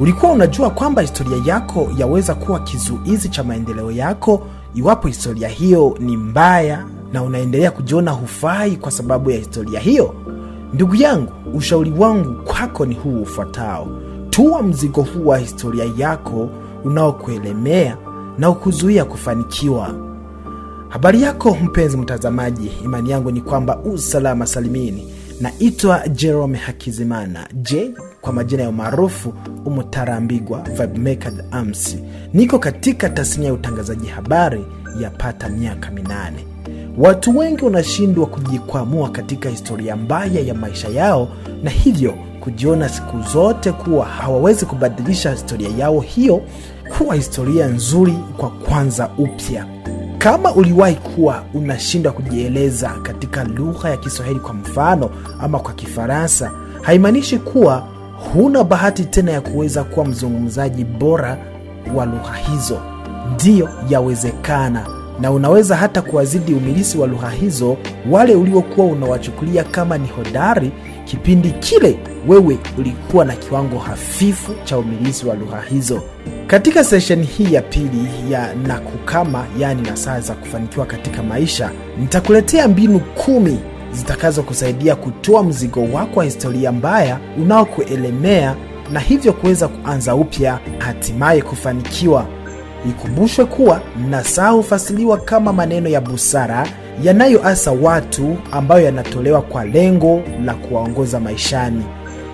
Ulikuwa unajua kwamba historia yako yaweza kuwa kizuizi cha maendeleo yako iwapo historia hiyo ni mbaya na unaendelea kujiona hufai kwa sababu ya historia hiyo? Ndugu yangu, ushauri wangu kwako ni huu ufuatao: tuwa mzigo huu wa historia yako unaokuelemea na ukuzuia kufanikiwa. Habari yako mpenzi mtazamaji, imani yangu ni kwamba usalama salimini. Naitwa Jerome Hakizimana. Je, kwa majina ya umaarufu umutarambigwa Vibemaker Niko katika tasnia ya utangazaji habari yapata miaka minane. Watu wengi wanashindwa kujikwamua katika historia mbaya ya maisha yao na hivyo kujiona siku zote kuwa hawawezi kubadilisha historia yao hiyo kuwa historia nzuri kwa kwanza upya. Kama uliwahi kuwa unashindwa kujieleza katika lugha ya Kiswahili kwa mfano, ama kwa Kifaransa, haimaanishi kuwa huna bahati tena ya kuweza kuwa mzungumzaji bora wa lugha hizo. Ndiyo, yawezekana, na unaweza hata kuwazidi umilisi wa lugha hizo wale uliokuwa unawachukulia kama ni hodari, kipindi kile wewe ulikuwa na kiwango hafifu cha umilisi wa lugha hizo. Katika sesheni hii ya pili ya Nakukama, yaani saa za kufanikiwa katika maisha, nitakuletea mbinu kumi zitakazokusaidia kutoa mzigo wako wa historia mbaya unaokuelemea na hivyo kuweza kuanza upya, hatimaye kufanikiwa. Ikumbushwe kuwa nasaa hufasiliwa kama maneno ya busara yanayoasa watu ambayo yanatolewa kwa lengo la kuwaongoza maishani.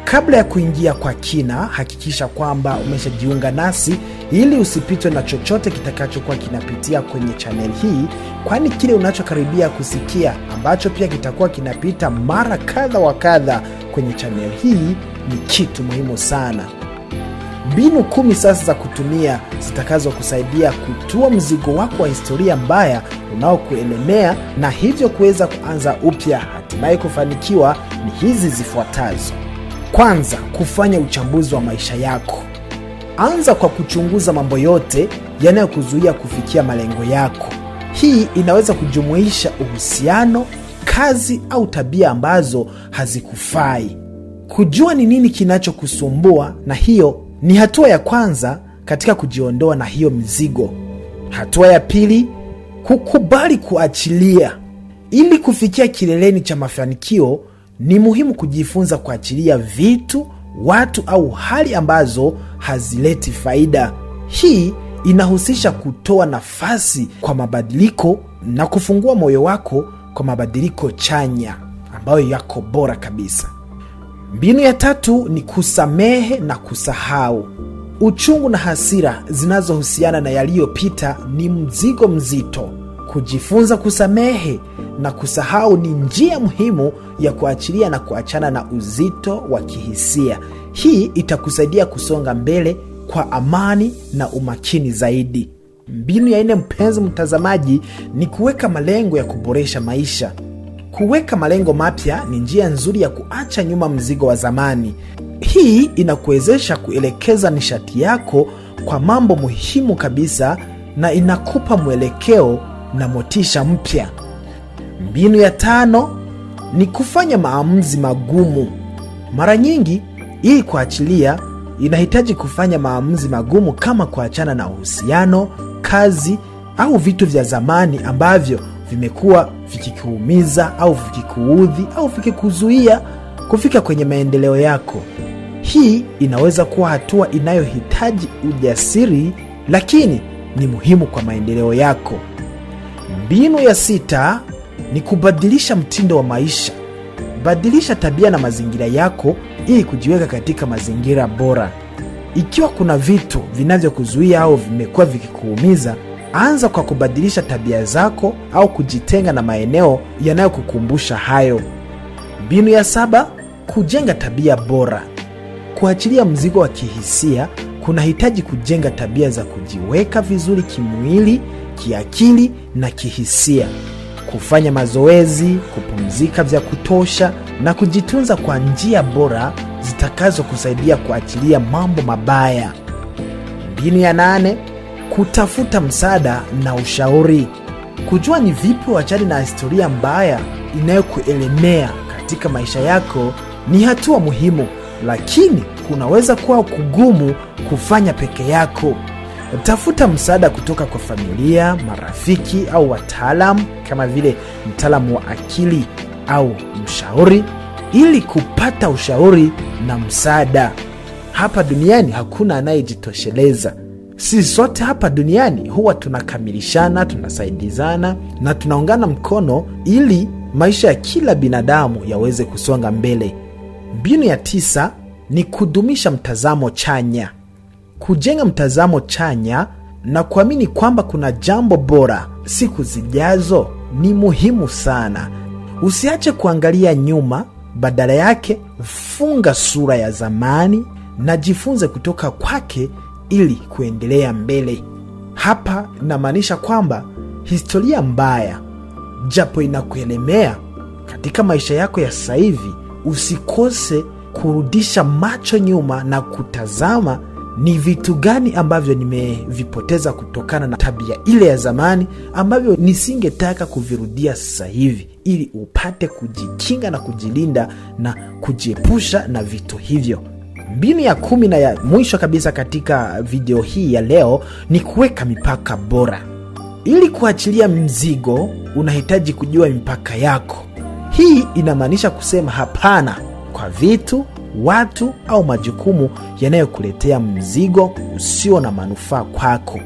Kabla ya kuingia kwa kina, hakikisha kwamba umeshajiunga nasi ili usipitwe na chochote kitakachokuwa kinapitia kwenye chaneli hii, kwani kile unachokaribia kusikia ambacho pia kitakuwa kinapita mara kadha wa kadha kwenye chaneli hii ni kitu muhimu sana. Mbinu kumi sasa za kutumia zitakazokusaidia kutua mzigo wako wa historia mbaya unaokuelemea na hivyo kuweza kuanza upya, hatimaye kufanikiwa, ni hizi zifuatazo. Kwanza, kufanya uchambuzi wa maisha yako. Anza kwa kuchunguza mambo yote yanayokuzuia kufikia malengo yako. Hii inaweza kujumuisha uhusiano, kazi au tabia ambazo hazikufai. Kujua ni nini kinachokusumbua, na hiyo ni hatua ya kwanza katika kujiondoa na hiyo mizigo. Hatua ya pili, kukubali kuachilia. Ili kufikia kileleni cha mafanikio, ni muhimu kujifunza kuachilia vitu, watu au hali ambazo hazileti faida. Hii inahusisha kutoa nafasi kwa mabadiliko na kufungua moyo wako kwa mabadiliko chanya ambayo yako bora kabisa. Mbinu ya tatu ni kusamehe na kusahau. Uchungu na hasira zinazohusiana na yaliyopita ni mzigo mzito. Kujifunza kusamehe na kusahau ni njia muhimu ya kuachilia na kuachana na uzito wa kihisia. Hii itakusaidia kusonga mbele kwa amani na umakini zaidi. Mbinu ya nne, mpenzi mtazamaji, ni kuweka malengo ya kuboresha maisha. Kuweka malengo mapya ni njia nzuri ya kuacha nyuma mzigo wa zamani. Hii inakuwezesha kuelekeza nishati yako kwa mambo muhimu kabisa na inakupa mwelekeo na motisha mpya. Mbinu ya tano ni kufanya maamuzi magumu. Mara nyingi hii kuachilia inahitaji kufanya maamuzi magumu kama kuachana na uhusiano, kazi au vitu vya zamani ambavyo vimekuwa vikikuumiza au vikikuudhi au vikikuzuia kufika kwenye maendeleo yako. Hii inaweza kuwa hatua inayohitaji ujasiri, lakini ni muhimu kwa maendeleo yako. Mbinu ya sita ni kubadilisha mtindo wa maisha. Badilisha tabia na mazingira yako ili kujiweka katika mazingira bora. Ikiwa kuna vitu vinavyokuzuia au vimekuwa vikikuumiza, anza kwa kubadilisha tabia zako au kujitenga na maeneo yanayokukumbusha hayo. Mbinu ya saba, kujenga tabia bora. Kuachilia mzigo wa kihisia kunahitaji kujenga tabia za kujiweka vizuri kimwili, kiakili na kihisia kufanya mazoezi, kupumzika vya kutosha na kujitunza kwa njia bora zitakazokusaidia kuachilia mambo mabaya. Mbinu ya nane, kutafuta msaada na ushauri. Kujua ni vipi wachali na historia mbaya inayokuelemea katika maisha yako ni hatua muhimu, lakini kunaweza kuwa kugumu kufanya peke yako. Tafuta msaada kutoka kwa familia, marafiki au wataalamu kama vile mtaalamu wa akili au mshauri ili kupata ushauri na msaada. Hapa duniani hakuna anayejitosheleza. Sisi sote hapa duniani huwa tunakamilishana, tunasaidizana na tunaungana mkono ili maisha ya kila binadamu yaweze kusonga mbele. Mbinu ya tisa ni kudumisha mtazamo chanya kujenga mtazamo chanya na kuamini kwamba kuna jambo bora siku zijazo ni muhimu sana. Usiache kuangalia nyuma, badala yake funga sura ya zamani na jifunze kutoka kwake ili kuendelea mbele. Hapa inamaanisha kwamba historia mbaya japo inakuelemea katika maisha yako ya sasa hivi, usikose kurudisha macho nyuma na kutazama ni vitu gani ambavyo nimevipoteza kutokana na tabia ile ya zamani ambavyo nisingetaka kuvirudia sasa hivi, ili upate kujikinga na kujilinda na kujiepusha na vitu hivyo. Mbinu ya kumi na ya mwisho kabisa katika video hii ya leo ni kuweka mipaka bora. Ili kuachilia mzigo, unahitaji kujua mipaka yako. Hii inamaanisha kusema hapana kwa vitu watu au majukumu yanayokuletea mzigo usio na manufaa kwako.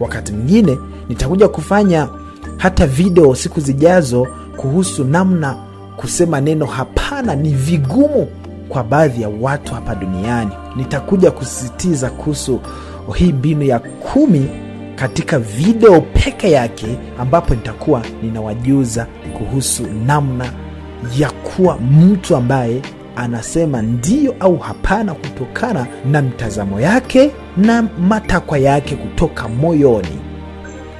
Wakati mwingine nitakuja kufanya hata video siku zijazo kuhusu namna kusema neno hapana ni vigumu kwa baadhi ya watu hapa duniani. Nitakuja kusisitiza kuhusu hii mbinu ya kumi katika video peke yake, ambapo nitakuwa ninawajuza kuhusu namna ya kuwa mtu ambaye anasema ndiyo au hapana kutokana na mtazamo yake na matakwa yake kutoka moyoni.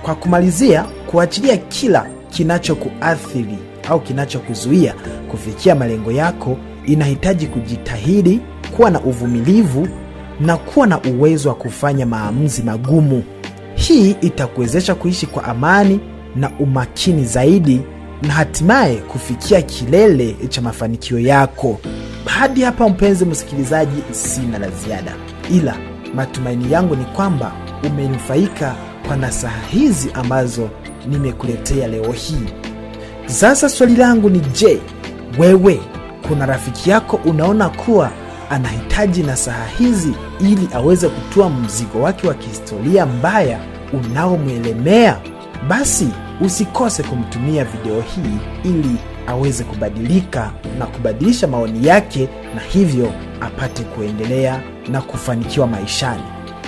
Kwa kumalizia, kuachilia kila kinachokuathiri au kinachokuzuia kufikia malengo yako inahitaji kujitahidi, kuwa na uvumilivu na kuwa na uwezo wa kufanya maamuzi magumu. Hii itakuwezesha kuishi kwa amani na umakini zaidi na hatimaye kufikia kilele cha mafanikio yako. Hadi hapa mpenzi msikilizaji, sina la ziada, ila matumaini yangu ni kwamba umenufaika kwa nasaha hizi ambazo nimekuletea leo hii. Sasa swali langu ni je, wewe kuna rafiki yako unaona kuwa anahitaji nasaha hizi ili aweze kutoa mzigo wake wa kihistoria mbaya unaomwelemea? Basi usikose kumtumia video hii ili aweze kubadilika na kubadilisha maoni yake na hivyo apate kuendelea na kufanikiwa maishani.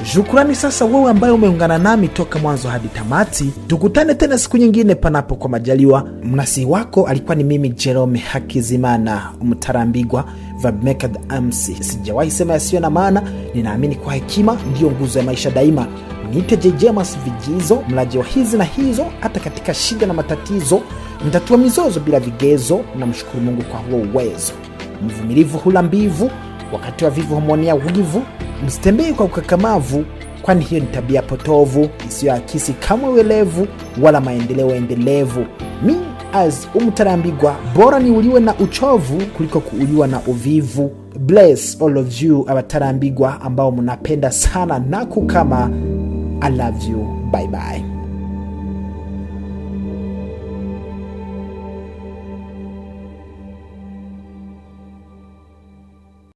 shukurani sasa wewe ambaye umeungana nami toka mwanzo hadi tamati. Tukutane tena siku nyingine, panapo kwa majaliwa. Mnasihi wako alikuwa ni mimi Jerome Hakizimana Mtarambigwa, vabmekad amsi. Sijawahi sema yasiyo na maana, ninaamini kwa hekima ndiyo nguzo ya maisha daima. Niite Jejemas Vijizo, mlaji wa hizi na hizo, hata katika shida na matatizo Mtatua mizozo bila vigezo na mshukuru Mungu kwa huo uwezo. Mvumilivu hula mbivu, wakati wa vivu humwonea wivu. msitembei kwa ukakamavu, kwani hiyo ni tabia potovu isiyoakisi kamwe uelevu wala maendeleo endelevu. Mi as umtarambigwa bora ni uliwe na uchovu kuliko kuuliwa na uvivu. Bless all of you abatarambigwa ambao mnapenda sana na kukama. I love you, bye bye.